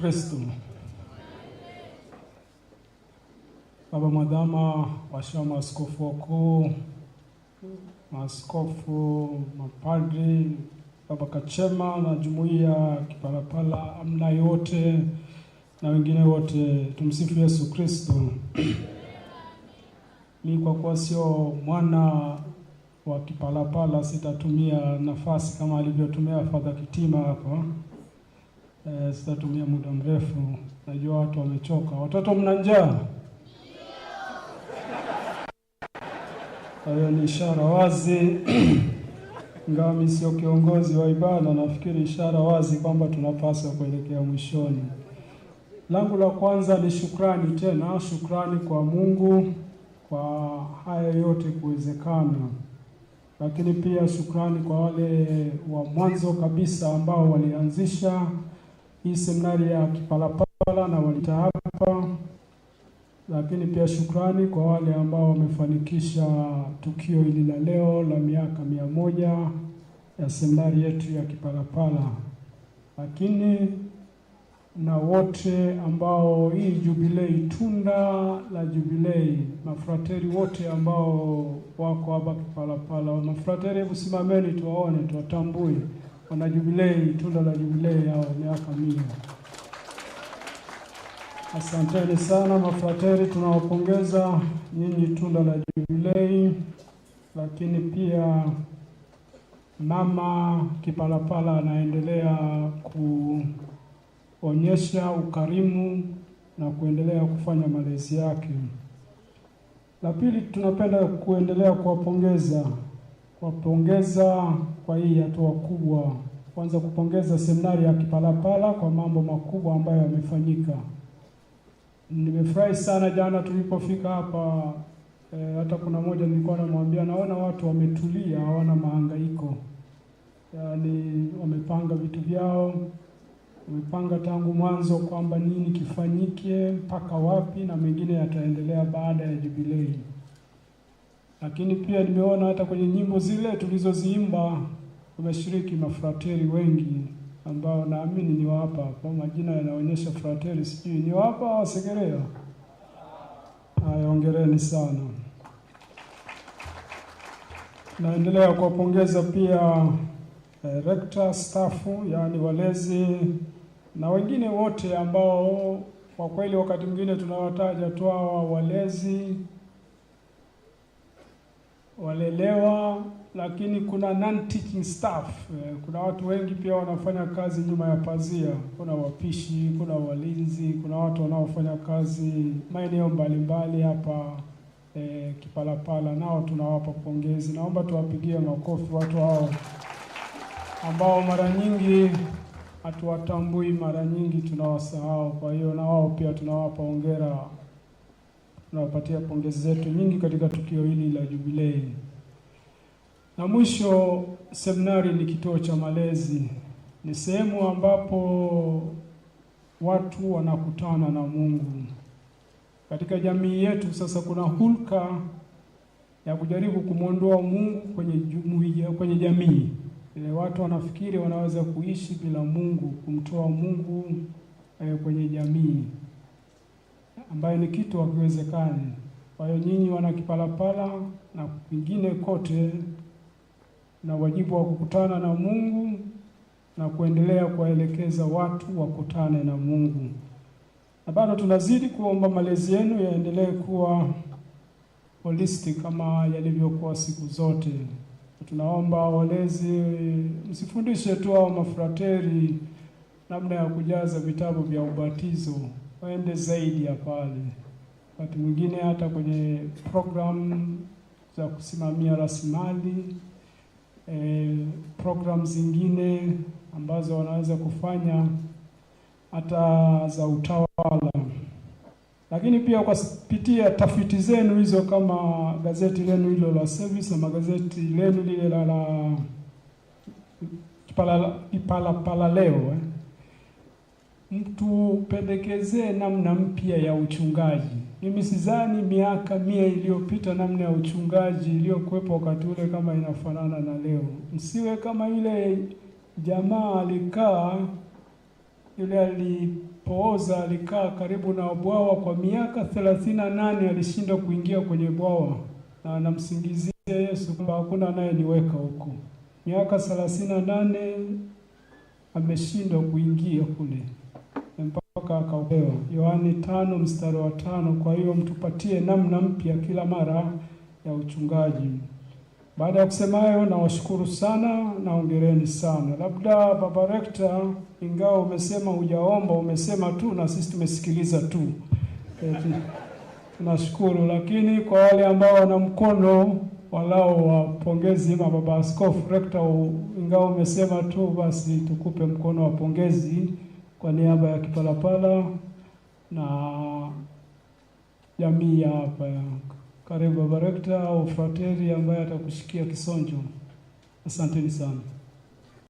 Kristo. Baba mwadhama, washawa maaskofu wakuu, maaskofu, mapadri, baba Kachema na jumuiya Kipalapala, amna yote na wengine wote, tumsifu Yesu Kristo. Mi kwa kuwa sio mwana wa Kipalapala sitatumia nafasi kama alivyotumia Fadha Kitima hapa eh, sitatumia muda mrefu. Najua watu wamechoka. Watoto mna njaa? Kwa ni ishara wazi ingawa sio kiongozi wa ibada, nafikiri ishara wazi kwamba tunapaswa kuelekea mwishoni. Langu la kwanza ni shukrani, tena shukrani kwa Mungu kwa haya yote kuwezekana, lakini pia shukrani kwa wale wa mwanzo kabisa ambao walianzisha hii seminari ya Kipalapala na walita hapa, lakini pia shukrani kwa wale ambao wamefanikisha tukio hili la leo la miaka mia moja ya seminari yetu ya Kipalapala, lakini na wote ambao hii jubilei, tunda la jubilei, mafrateri wote ambao wako hapa Kipalapala. Mafrateri, hebu simameni tuwaone, tuwatambue wana jubilei, tunda la jubilei yao miaka mia. Asanteni sana mafrateri, tunawapongeza nyinyi, tunda la jubilei, lakini pia mama Kipalapala anaendelea kuonyesha ukarimu na kuendelea kufanya malezi yake. La pili, tunapenda kuendelea kuwapongeza kuwapongeza kwa hii hatua kubwa. Kwanza kupongeza seminari ya Kipalapala kwa mambo makubwa ambayo yamefanyika. Nimefurahi sana jana tulipofika hapa e, hata kuna moja nilikuwa namwambia, naona watu wametulia, hawana mahangaiko, yaani wamepanga vitu vyao, wamepanga tangu mwanzo kwamba nini kifanyike mpaka wapi, na mengine yataendelea baada ya jubilei. Lakini pia nimeona hata kwenye nyimbo zile tulizoziimba wameshiriki mafrateri wengi ambao naamini ni wapa kwa majina yanaonyesha frateri, sijui ni wapa wasegerea au Haya, sana. Naendelea kuwapongeza pia eh, rekta stafu, yaani walezi na wengine wote ambao kwa kweli wakati mwingine tunawataja tu hawa walezi walelewa, lakini kuna non teaching staff. Eh, kuna watu wengi pia wanafanya kazi nyuma ya pazia. Kuna wapishi, kuna walinzi, kuna watu wanaofanya kazi maeneo mbalimbali hapa e, Kipalapala, nao tunawapa pongezi. Naomba tuwapigie makofi watu hao ambao mara nyingi hatuwatambui, mara nyingi tunawasahau. Kwa hiyo na wao pia tunawapa hongera tunawapatia pongezi zetu nyingi katika tukio hili la jubilei. Na mwisho, seminari ni kituo cha malezi, ni sehemu ambapo watu wanakutana na Mungu. Katika jamii yetu sasa kuna hulka ya kujaribu kumwondoa Mungu kwenye jumuiya, kwenye jamii ile. Eh, watu wanafikiri wanaweza kuishi bila Mungu, kumtoa Mungu eh, kwenye jamii ambayo ni kitu hakiwezekani. Kwa hiyo nyinyi wana Kipalapala na kwingine kote, na wajibu wa kukutana na Mungu na kuendelea kuwaelekeza watu wakutane na Mungu, na bado tunazidi kuomba malezi yenu yaendelee kuwa holistic kama yalivyokuwa siku zote. Tunaomba walezi msifundishe tu hao mafrateri namna ya kujaza vitabu vya ubatizo waende zaidi ya pale. Wakati mwingine hata kwenye program za kusimamia rasilimali eh, programu zingine ambazo wanaweza kufanya hata za utawala, lakini pia kwa kupitia tafiti zenu hizo, kama gazeti lenu hilo la Service na magazeti lenu lile la la Kipalapala leo eh mtupendekezee namna mpya ya uchungaji. Mimi sidhani miaka mia iliyopita namna ya uchungaji iliyokuwepo wakati ule kama inafanana na leo. Msiwe kama yule jamaa alikaa, yule alipooza alikaa karibu na bwawa kwa miaka thelathini na nane alishindwa kuingia kwenye bwawa, na anamsingizia Yesu kwamba hakuna anayeniweka huko. Miaka thelathini na nane ameshindwa kuingia kule mpaka akaopewa yohani tano mstari wa tano. Kwa hiyo mtupatie namna mpya kila mara ya uchungaji. Baada ya kusema hayo, nawashukuru sana na ongereni sana. Labda baba rekta, ingawa umesema hujaomba, umesema tu na sisi tumesikiliza tu. Tunashukuru, lakini kwa wale ambao wana mkono walau wapongezi baba askofu rekta, ingawa umesema tu, basi tukupe mkono wa pongezi kwa niaba ya Kipalapala na jamii ya hapa ya karibu. Baba rekta au frateri ambaye atakushikia Kisonjo, asanteni sana.